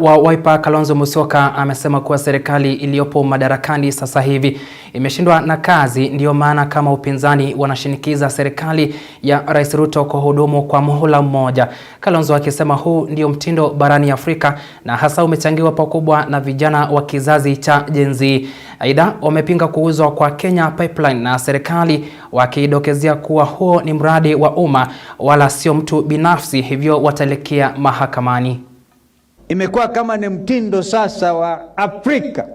wa Wiper Kalonzo Musyoka amesema kuwa serikali iliyopo madarakani sasa hivi imeshindwa na kazi, ndiyo maana kama upinzani wanashinikiza serikali ya Rais Ruto kuhudumu kwa muhula mmoja. Kalonzo akisema huu ndio mtindo barani Afrika na hasa umechangiwa pakubwa na vijana wa kizazi cha Gen Z. Aidha, wamepinga kuuzwa kwa Kenya Pipeline na serikali, wakidokezea kuwa huo ni mradi wa umma wala sio mtu binafsi, hivyo wataelekea mahakamani. Imekuwa kama ni mtindo sasa wa Afrika,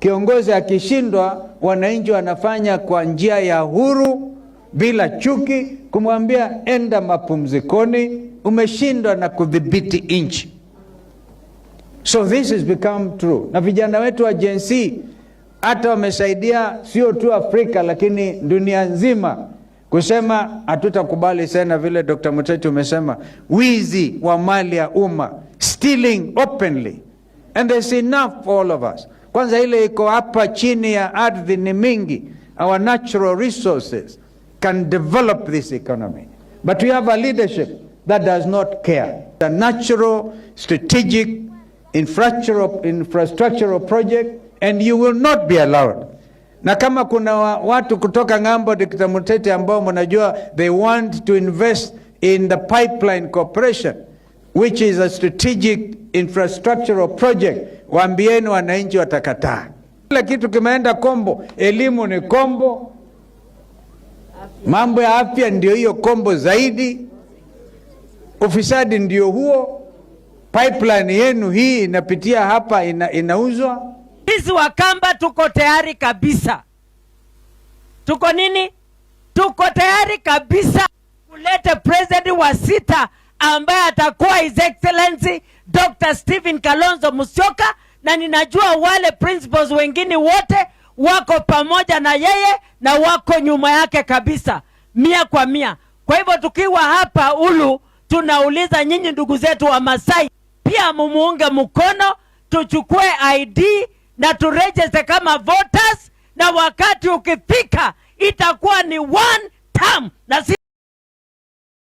kiongozi akishindwa, wananchi wanafanya kwa njia ya huru, bila chuki, kumwambia enda mapumzikoni, umeshindwa na kudhibiti nchi. So this has become true, na vijana wetu wa Gen Z hata wamesaidia sio tu Afrika lakini dunia nzima kusema hatutakubali tena, vile Dr. Mutete umesema, wizi wa mali ya umma stealing openly and there's enough for all of us. Kwanza ile iko hapa chini ya ardhi ni mingi, our natural resources can develop this economy but we have a leadership that does not care. The natural strategic infrastructural, infrastructural project and you will not be allowed na kama kuna watu kutoka ng'ambo mutete ambao mnajua they want to invest in the pipeline corporation which is a strategic infrastructural project, waambieni wananchi watakataa. Kila kitu kimeenda kombo, elimu ni kombo, mambo ya afya ndio hiyo kombo zaidi, ufisadi ndio huo. Pipeline yenu hii inapitia hapa ina, inauzwa. Sisi Wakamba tuko tayari kabisa, tuko nini, tuko tayari kabisa kulete president wa sita ambaye atakuwa His Excellency Dr. Stephen Kalonzo Musyoka, na ninajua wale principals wengine wote wako pamoja na yeye na wako nyuma yake kabisa mia kwa mia. Kwa hivyo tukiwa hapa Ulu, tunauliza nyinyi ndugu zetu wa Masai pia mumuunge mkono, tuchukue ID na turejeste kama voters, na wakati ukifika itakuwa ni one term na si